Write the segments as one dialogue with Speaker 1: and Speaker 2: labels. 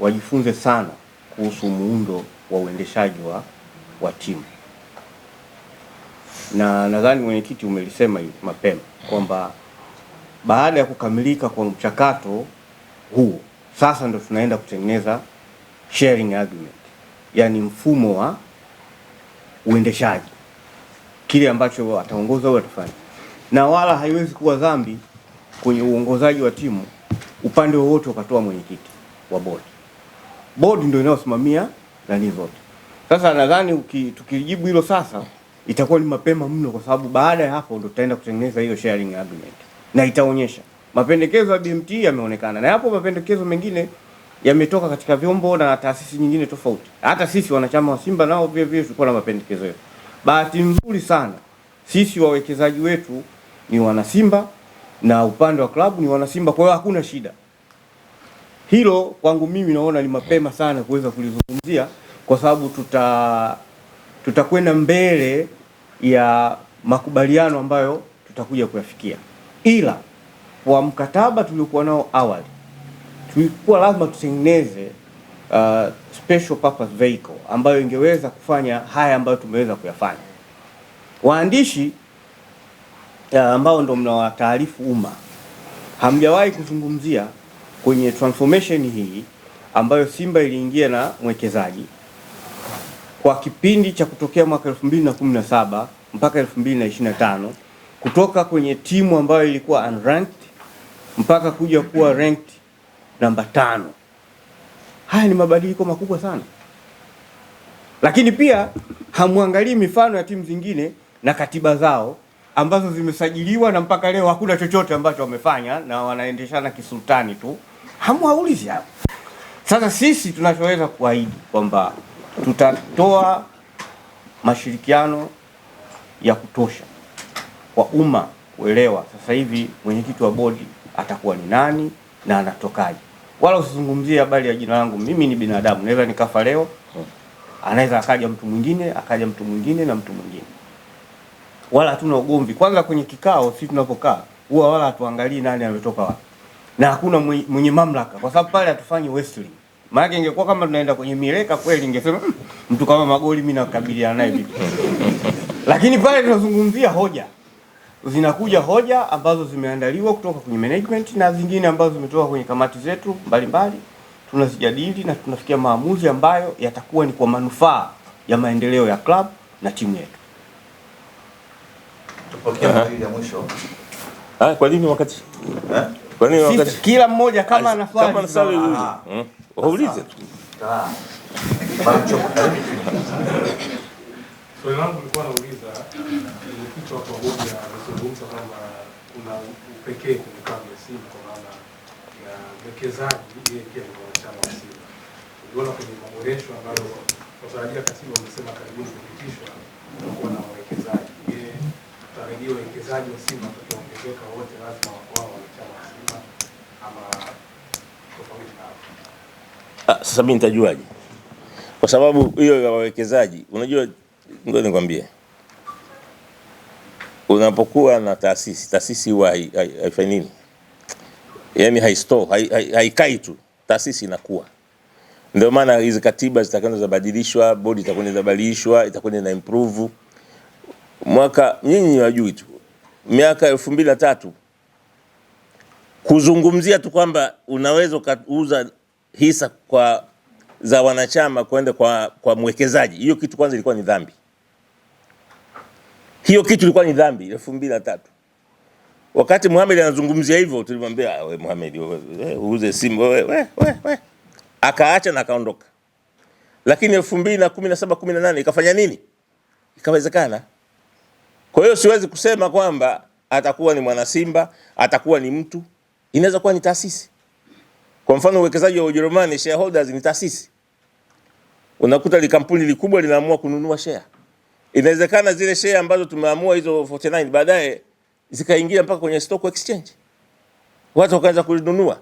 Speaker 1: wajifunze sana kuhusu muundo wa uendeshaji wa, wa timu, na nadhani mwenyekiti umelisema mapema kwamba baada ya kukamilika kwa mchakato huu sasa ndo tunaenda kutengeneza sharing agreement, yaani mfumo wa uendeshaji, kile ambacho ataongoza au atafanya na wala haiwezi kuwa dhambi kwenye uongozaji wa timu upande wowote ukatoa mwenyekiti wa bodi bodi ndio inayosimamia nani zote. Sasa nadhani tukijibu hilo sasa itakuwa ni mapema mno, kwa sababu baada ya hapo ndo tutaenda kutengeneza hiyo sharing agreement na itaonyesha mapendekezo ya BMT yameonekana, na hapo mapendekezo mengine yametoka katika vyombo na taasisi nyingine tofauti. Hata sisi wanachama wa Simba nao vile vile tulikuwa na mapendekezo yetu. Bahati nzuri sana sisi wawekezaji wetu ni wana Simba na upande wa klabu ni wana Simba, kwa hiyo hakuna shida hilo kwangu mimi naona ni mapema sana kuweza kulizungumzia kwa sababu tuta tutakwenda mbele ya makubaliano ambayo tutakuja kuyafikia, ila kwa mkataba tuliokuwa nao awali tulikuwa lazima tutengeneze uh, special purpose vehicle ambayo ingeweza kufanya haya ambayo tumeweza kuyafanya. Waandishi uh, ambao ndo mnawataarifu umma hamjawahi kuzungumzia kwenye transformation hii ambayo Simba iliingia na mwekezaji kwa kipindi cha kutokea mwaka 2017 mpaka 2025 kutoka kwenye timu ambayo ilikuwa unranked mpaka kuja kuwa ranked namba tano. Haya ni mabadiliko makubwa sana, lakini pia hamwangalii mifano ya timu zingine na katiba zao ambazo zimesajiliwa na mpaka leo hakuna chochote ambacho wamefanya na wanaendeshana kisultani tu hamwaulizi hapo. Sasa sisi tunachoweza kuahidi kwamba tutatoa mashirikiano ya kutosha kwa umma kuelewa sasa hivi mwenyekiti wa bodi atakuwa ni nani na anatokaje. Wala usizungumzie habari ya jina langu, mimi ni binadamu, naweza nikafa leo, anaweza akaja mtu mwingine, akaja mtu mwingine na mtu mwingine, wala hatuna ugomvi. Kwanza kwenye kikao, sisi tunapokaa huwa wala hatuangalii nani ametoka wapi na hakuna mwenye mamlaka, kwa sababu pale hatufanyi wrestling. Maana ingekuwa kama tunaenda kwenye mireka kweli, ingesema hmm, mtu kama Magoli mimi nakabiliana naye vipi? Lakini pale tunazungumzia hoja, zinakuja hoja ambazo zimeandaliwa kutoka kwenye management na zingine ambazo zimetoka kwenye kamati zetu mbalimbali, tunazijadili na tunafikia maamuzi ambayo yatakuwa ni kwa manufaa ya maendeleo ya club na timu yetu.
Speaker 2: Tupokee mwisho.
Speaker 1: Ah, kwa nini wakati? Eh? Kwa nini wakati kila mmoja kama anafanya kama anasali huyu? Ah, ah. Hmm? Waulize tu. Ah.
Speaker 3: Swali langu lilikuwa nauliza mwenyekiti wa pamoja amezungumza kwamba kuna upekee kwenye klabu ya Simba kwa maana ya mwekezaji, yeye pia ni mwanachama wa Simba. Uliona kwenye maboresho ambayo watarajia katiba wamesema karibuni kupitishwa, kuna tutarajia uwekezaji wa Simba tukiongezeka wote lazima wao wanachama wa Simba ama tofauti na hapo?
Speaker 1: Ah, sasa mimi nitajuaje? Kwa sababu hiyo ya wawekezaji, unajua, ngoja nikwambie, unapokuwa na taasisi, taasisi huwa haifai nini, yani haistoi, haikai tu, taasisi inakuwa ndio maana hizi katiba zitakwenda zabadilishwa, bodi itakwenda zabadilishwa, itakwenda na improve mwaka nyinyi wajui tu miaka elfu mbili na tatu kuzungumzia tu kwamba unaweza ukauza hisa kwa za wanachama kwenda kwa, kwa mwekezaji. Hiyo kitu kwanza ilikuwa ni dhambi, hiyo kitu ilikuwa ni dhambi elfu mbili na tatu. Wakati Mohamed anazungumzia hivyo tulimwambia wewe ah, uuze simu akaacha na akaondoka. Lakini elfu mbili na kumi na saba kumi na nane ikafanya nini? Ikawezekana. Kwa hiyo siwezi kusema kwamba atakuwa ni mwana Simba, atakuwa ni mtu, inaweza kuwa ni taasisi. Kwa mfano uwekezaji wa Ujerumani, shareholders ni taasisi, unakuta ni kampuni likubwa linaamua kununua share. Inawezekana zile share ambazo tumeamua hizo 49 baadaye zikaingia mpaka kwenye stock exchange, watu wakaanza kununua.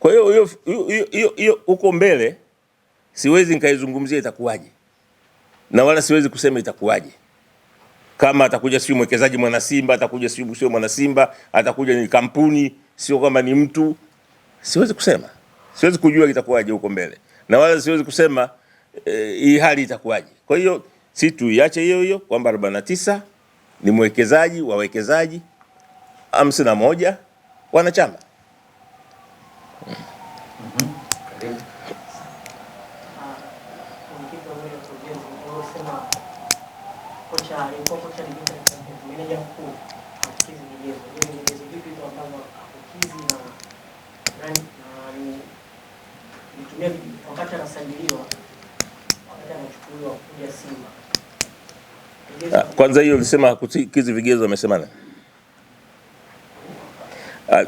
Speaker 1: Kwa hiyo hiyo hiyo huko mbele siwezi nikaizungumzia itakuwaje, na wala siwezi kusema itakuwaje kama atakuja sio mwekezaji mwana Simba, atakuja sio sio mwana Simba, atakuja ni kampuni, sio kwamba ni mtu. Siwezi kusema, siwezi kujua kitakuwaje huko mbele, na wala siwezi kusema e, hii hali itakuwaje. Kwa hiyo si tuiache hiyo hiyo kwamba 49 ni mwekezaji wawekezaji hamsini na moja wanachama.
Speaker 4: anasajiliwa anachukuliwa kuja Simba.
Speaker 1: Ah, kwanza hiyo ulisema hakukizi vigezo amesema nani? Ah,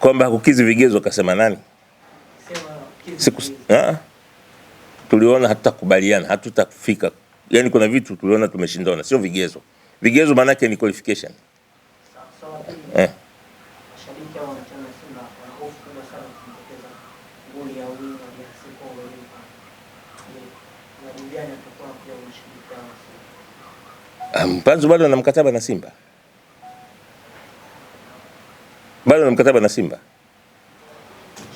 Speaker 1: kwamba hakukizi vigezo kasema nani? Siku, ah? tuliona hatutakubaliana, hatutafika. yani kuna vitu tuliona tumeshindana, sio vigezo. Vigezo maanake ni qualification. Eh. Mpanzu bado ana mkataba na Simba, bado ana mkataba na Simba.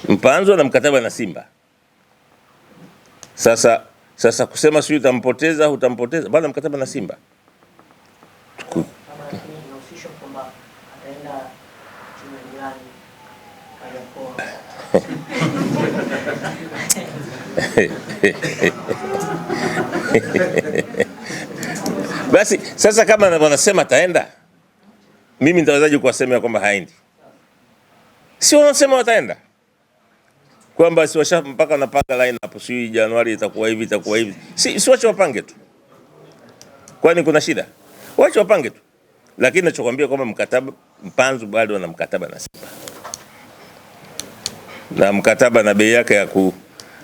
Speaker 1: Mpanzu ana mkataba na Simba. Sasa sasa kusema sijui utampoteza utampoteza, bado ana mkataba na Simba. Basi sasa, kama wanasema ataenda, mimi nitawezaje kuwasemea kwamba haendi? Si wanasema wataenda, kwamba si washa mpaka wanapanga line hapo, si Januari itakuwa hivi, itakuwa hivi. Si, si wacha wapange tu, kwani kuna shida? Wacha wapange tu, lakini nachokwambia kwamba mkataba mpanzu bado ana mkataba na Simba na mkataba na bei yake ya ku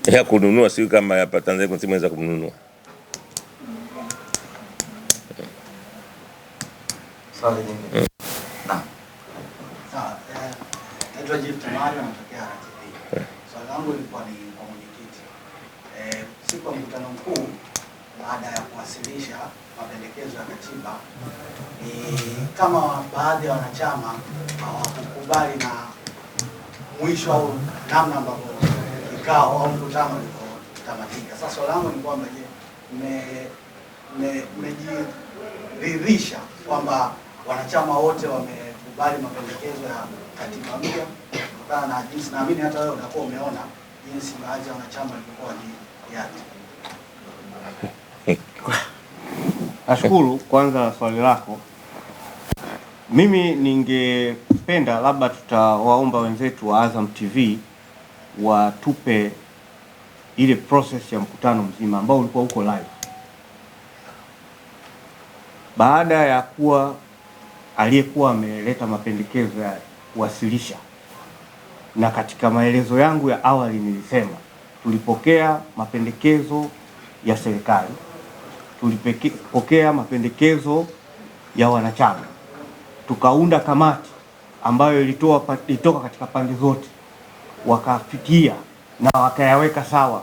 Speaker 1: ya kununua, sio kama hapa Tanzania kuna timu inaweza kumnunua.
Speaker 2: swali nyingine. Eh. Naam.
Speaker 5: Sawa. Eh, Naitwa Gift Mario natokea RTV. Eh. Swali langu lilikuwa ni kwa mwenyekiti. Eh, siku ya mkutano mkuu baada ya kuwasilisha mapendekezo ya katiba ni kama baadhi ya wanachama hawakukubali na mwisho au namna ambavyo kikao au mkutano ulivyotamatika. Sasa swali langu ni kwamba je, mmejiridhisha kwamba wanachama wote wamekubali mapendekezo ya katiba mpya kutokana na jinsi, naamini hata wewe utakuwa umeona jinsi baadhi ya wanachama walikuwa wakiyati.
Speaker 6: Nashukuru kwanza swali lako. Mimi ningependa labda tutawaomba wenzetu wa Azam TV watupe ile process ya mkutano mzima ambao ulikuwa uko live baada ya kuwa aliyekuwa ameleta mapendekezo ya kuwasilisha, na katika maelezo yangu ya awali nilisema tulipokea mapendekezo ya serikali, tulipokea mapendekezo ya wanachama, tukaunda kamati ambayo ilitoa ilitoka katika pande zote, wakafikia na wakayaweka sawa.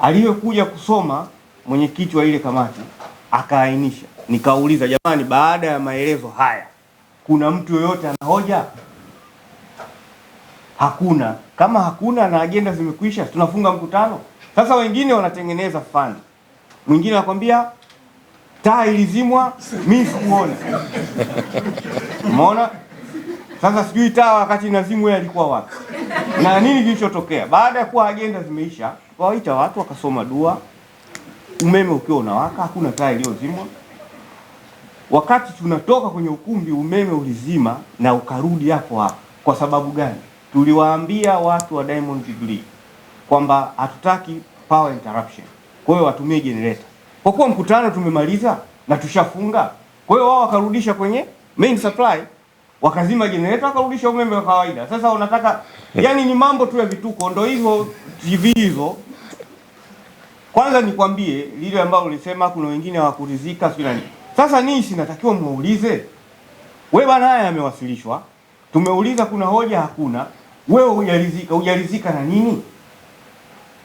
Speaker 6: Aliyekuja kusoma mwenyekiti wa ile kamati akaainisha Nikauliza, jamani, baada ya maelezo haya kuna mtu yoyote ana hoja? Hakuna. Kama hakuna na ajenda zimekwisha, tunafunga mkutano. Sasa wengine wanatengeneza fani, mwingine anakwambia taa ilizimwa, mimi sikuona. Umeona? Sasa sijui taa wakati inazimwa yeye alikuwa wapi na nini kilichotokea. Baada ya kuwa ajenda zimeisha, wawaita watu wakasoma dua, umeme ukiwa unawaka, hakuna taa iliyozimwa. Wakati tunatoka kwenye ukumbi umeme ulizima na ukarudi hapo hapo. Kwa sababu gani? Tuliwaambia watu wa Diamond Jubilee kwamba hatutaki power interruption, kwa hiyo watumie generator. Kwa kuwa mkutano tumemaliza na tushafunga, kwa hiyo wao wakarudisha kwenye main supply, wakazima generator, wakarudisha umeme wa kawaida. Sasa unataka yani, ni mambo tu ya vituko, ndio hivyo TV hizo. Kwanza nikwambie lile ambalo ulisema kuna wengine hawakuridhika, sio nani sasa ninyi natakiwa muulize, we bwana, haya yamewasilishwa, tumeuliza, kuna hoja hakuna, wewe hujalizika. Hujalizika na nini?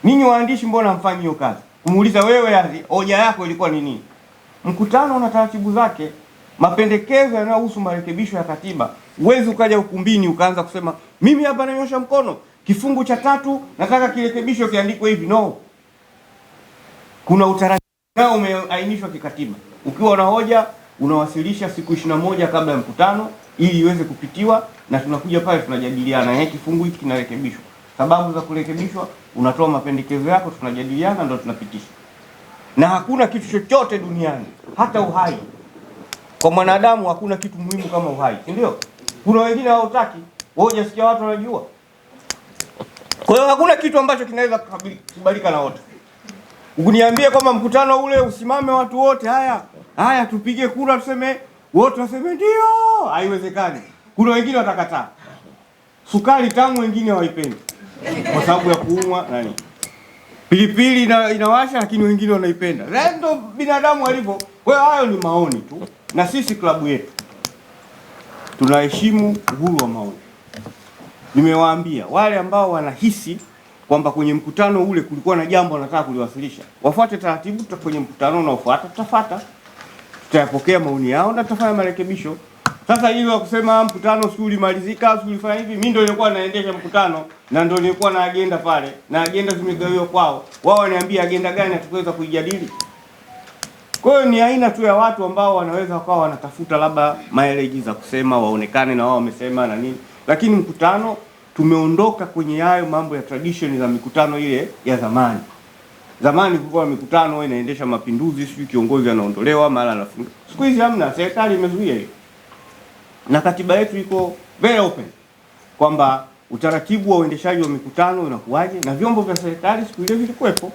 Speaker 6: Ninyi waandishi, mbona mfanyi hiyo kazi kumuuliza wewe, yaani hoja yako ilikuwa ni nini? Mkutano una taratibu zake, mapendekezo yanayohusu marekebisho ya katiba. uwezi ukaja ukumbini ukaanza kusema mimi hapa nanyosha mkono kifungu cha tatu nataka kirekebisho kiandikwe hivi. No, kuna utaratibu nao umeainishwa kikatiba. Ukiwa na hoja unawasilisha siku ishirini na moja kabla ya mkutano ili iweze kupitiwa, na tunakuja pale tunajadiliana, eh, kifungu hiki kinarekebishwa, sababu za kurekebishwa, unatoa mapendekezo yako, tunajadiliana, ndio tunapitisha. Na hakuna kitu chochote duniani, hata uhai kwa mwanadamu, hakuna kitu muhimu kama uhai, si ndio? Kuna wengine hawataki, wewe hujasikia watu wanajua. Kwa hiyo hakuna kitu ambacho kinaweza kukubalika na wote. Ukuniambia kwamba mkutano ule usimame watu wote, haya haya, tupige kura, tuseme wote waseme ndio, haiwezekani. Kuna wengine watakataa. Sukari tamu wengine hawaipendi kwa sababu ya kuumwa nani, pilipili ina, inawasha, lakini wengine wanaipenda. Ndio binadamu alivyo. Kwa hiyo hayo ni maoni tu, na sisi klabu yetu tunaheshimu uhuru wa maoni. Nimewaambia wale ambao wanahisi kwamba kwenye mkutano ule kulikuwa na jambo anataka kuliwasilisha, wafuate taratibu. tuta Kwenye mkutano unaofuata tutafuata, tutayapokea maoni yao na tutafanya marekebisho. Sasa hilo la kusema ah, mkutano siku ulimalizika, siku ulifanya hivi, mimi ndio nilikuwa naendesha mkutano na ndio nilikuwa na agenda pale, na agenda zimegawiwa kwao, wao waniambia agenda gani hatukuweza kuijadili. Kwa hiyo ni aina tu ya watu ambao wanaweza wakawa wanatafuta labda maeleji za kusema waonekane na wao wamesema na nini, lakini mkutano tumeondoka kwenye hayo mambo ya tradition za mikutano ile ya zamani. Zamani kulikuwa mikutano inaendesha mapinduzi, sijui kiongozi anaondolewa mara anafunga. Siku hizi hamna, serikali imezuia hiyo, na katiba yetu iko very open kwamba utaratibu wa uendeshaji wa mikutano unakuwaje, na vyombo vya serikali siku ile vilikuwepo,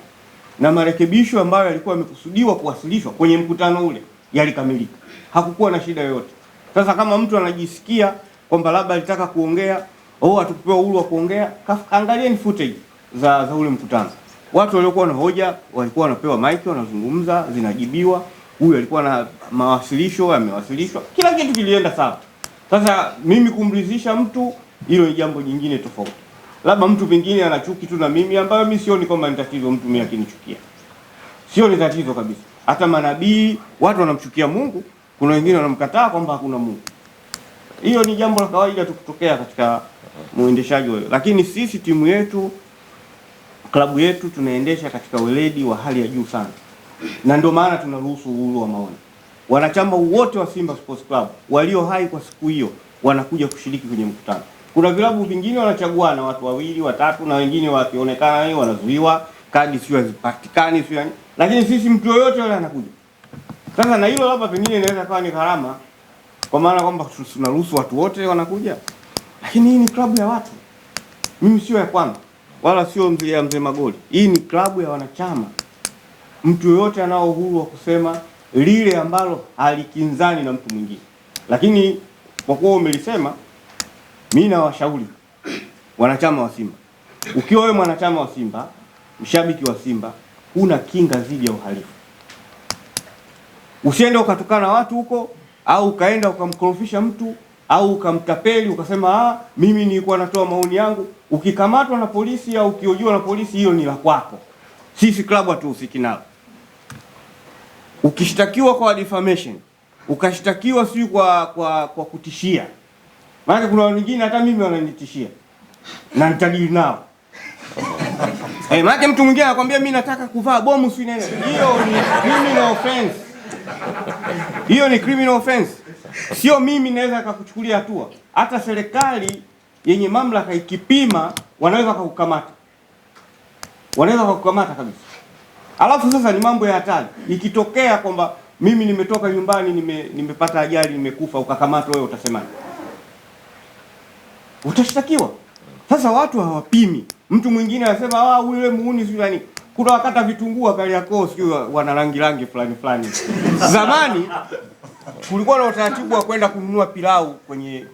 Speaker 6: na marekebisho ambayo yalikuwa yamekusudiwa kuwasilishwa kwenye mkutano ule yalikamilika, hakukuwa na shida yoyote. Sasa kama mtu anajisikia kwamba labda alitaka kuongea Oh, hatukupewa uhuru wa kuongea. Angalieni footage za za ule mkutano, watu waliokuwa na hoja walikuwa wanapewa mic, wanazungumza, zinajibiwa. Huyu alikuwa na mawasilisho, amewasilishwa. kila kitu kilienda sawa. Sasa mimi kumridhisha mtu, hilo ni jambo jingine tofauti. Labda mtu mwingine ana chuki tu na mimi, ambayo mimi sioni kama ni tatizo. Mtu mimi akinichukia sio ni tatizo kabisa. Hata manabii watu wanamchukia Mungu, kuna wengine wanamkataa kwamba hakuna Mungu. Hiyo ni jambo la kawaida tu kutokea katika muendeshaji wa, lakini sisi timu yetu klabu yetu tunaendesha katika weledi wa hali ya juu sana, na ndio maana tunaruhusu uhuru wa maoni. Wanachama wote wa Simba Sports Club walio hai kwa siku hiyo wanakuja kushiriki kwenye mkutano. Kuna vilabu vingine wanachagua na watu wawili watatu, na wengine wakionekana wanazuiwa, kadi sio hazipatikani, sio yani, lakini sisi mtu yoyote yule anakuja. Sasa na hilo labda pengine inaweza kawa ni gharama, kwa maana kwamba tunaruhusu watu wote wanakuja. Lakini hii ni klabu ya watu, mimi sio ya kwangu wala sio mzee ya mzee Magoli. Hii ni klabu ya wanachama. Mtu yoyote anao uhuru wa kusema lile ambalo halikinzani na mtu mwingine, lakini kwa kuwa umelisema, mimi nawashauri wanachama wa Simba, ukiwa wewe mwanachama wa Simba, mshabiki wa Simba, huna kinga dhidi ya uhalifu. Usiende ukatukana watu huko au ukaenda ukamkorofisha mtu au ukamtapeli ukasema ah, mimi nilikuwa natoa maoni yangu, ukikamatwa na polisi au ukihojiwa na polisi, hiyo ni la kwako. Sisi klabu hatuhusiki nalo. Ukishtakiwa kwa defamation, ukashtakiwa sijui kwa, kwa kwa kutishia, maana kuna wengine hata mimi wananitishia na nitadili nao eh, maana mtu mwingine anakuambia mimi nataka kuvaa bomu sio nini, hiyo ni criminal offense, hiyo ni criminal offense. sio mimi naweza akakuchukulia hatua, hata serikali yenye mamlaka ikipima, wanaweza kukukamata, wanaweza kukukamata kabisa. Alafu sasa ni mambo ya hatari, ikitokea kwamba mimi nimetoka nyumbani nime, nimepata ajali nimekufa, ukakamatwa wewe utasemaje? Utashtakiwa. Sasa watu hawapimi. Mtu mwingine anasema ah, yule muuni sio yani. Kuna wakata vitunguu akali yako sio wana rangi rangi fulani fulani. Zamani Tulikuwa na utaratibu wa kwenda kununua pilau kwenye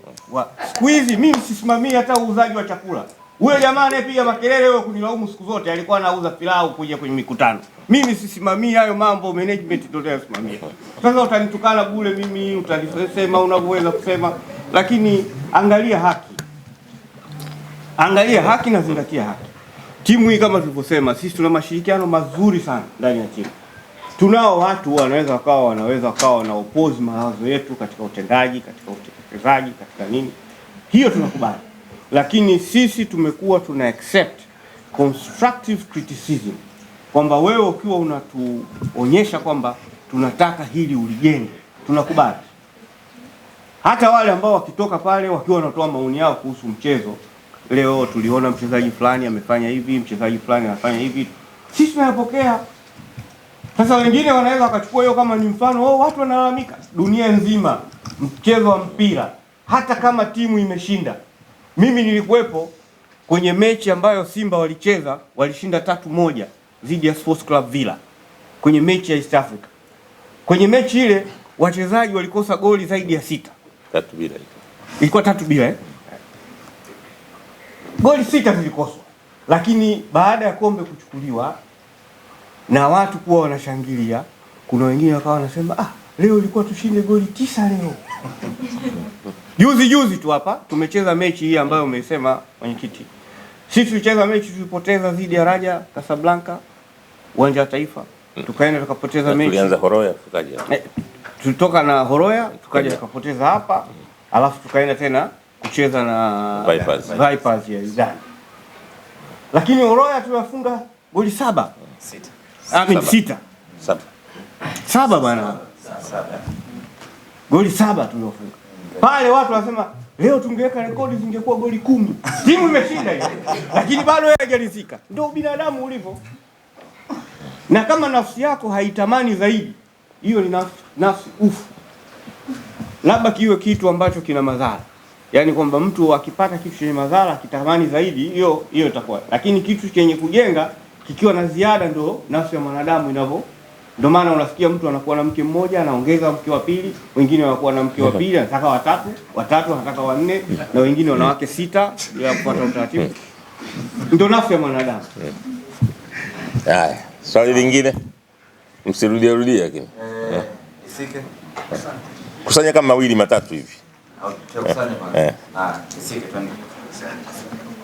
Speaker 6: siku hizi, mimi msisimamii hata uuzaji wa chakula. Huyo jamaa anayepiga makelele wewe kunilaumu siku zote alikuwa anauza pilau kuja kwenye mikutano. Mimi sisimamii hayo mambo, management ndio anasimamia. Sasa utanitukana bure mimi, utanisema unavyoweza kusema, lakini angalia haki, angalia haki na zingatia haki. Timu hii kama tulivyosema, sisi tuna mashirikiano mazuri sana ndani ya timu. Tunao watu wanaweza wakawa wanaweza kawa wana oppose mawazo yetu katika utendaji, katika utekelezaji, katika nini, hiyo tunakubali, lakini sisi tumekuwa tuna accept constructive criticism kwamba wewe ukiwa unatuonyesha kwamba tunataka hili ulijenge, tunakubali. Hata wale ambao wakitoka pale wakiwa wanatoa maoni yao kuhusu mchezo, leo tuliona mchezaji fulani amefanya hivi, mchezaji fulani anafanya hivi, sisi tunayapokea. Sasa wengine wanaweza wakachukua hiyo kama ni mfano, oh, watu wanalalamika dunia nzima, mchezo wa mpira, hata kama timu imeshinda. Mimi nilikuwepo kwenye mechi ambayo Simba walicheza, walishinda tatu moja dhidi ya Sports Club Villa kwenye mechi ya East Africa. Kwenye mechi ile wachezaji walikosa goli zaidi ya sita, tatu bila, ilikuwa tatu bila eh? goli sita zilikoswa, lakini baada ya kombe kuchukuliwa na watu kuwa wanashangilia. Kuna wengine wakawa wanasema ah, leo ilikuwa tushinde goli tisa leo. Juzi juzi tu hapa tumecheza mechi hii ambayo umesema mwenyekiti, sisi tulicheza mechi tulipoteza dhidi ya Raja Casablanca uwanja wa Taifa, mm. tukaenda tukapoteza mechi,
Speaker 1: tulianza Horoya tukaja eh,
Speaker 6: tulitoka na Horoya tukaja tukapoteza hapa, alafu tukaenda tena kucheza na Vipers, Vipers ya Sudan, lakini Horoya tuliwafunga goli saba sita. Amin, sita saba, bwana, goli saba tuliofunga pale. Watu wanasema leo tungeweka rekodi zingekuwa goli kumi, timu imeshinda hiyo, lakini bado yeye hajaridhika. Ndio binadamu ulivyo, na kama nafsi yako haitamani zaidi, hiyo ni nafsi, nafsi ufu. Labda kiwe kitu ambacho kina madhara Yaani kwamba mtu akipata kitu chenye madhara akitamani zaidi, hiyo hiyo itakuwa, lakini kitu chenye kujenga kikiwa na ziada, ndo nafsi ya mwanadamu inavyo. Ndo maana unasikia mtu anakuwa na mke mmoja anaongeza mke wa pili, wengine wanakuwa na mke wa pili, anataka watatu, watatu anataka wanne, na wengine wanawake sita bila kupata utaratibu. Ndo nafsi ya mwanadamu.
Speaker 1: Haya, swali lingine, msirudie rudie, lakini
Speaker 2: eh, isike
Speaker 1: kusanya kama mawili matatu hivi.
Speaker 2: Okay, kusanya bwana. Ah, eh. isike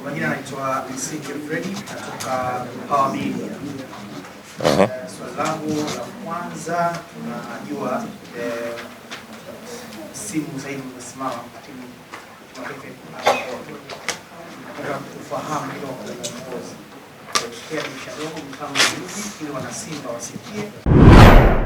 Speaker 5: Majina anaitwa Msike Fredi kutoka Power Media. Swali langu la kwanza, tunajua eh, simu sasa hivi umesimama kufahamu uongozi, kea misha dogo mfano hivi ili wanasimba wasikie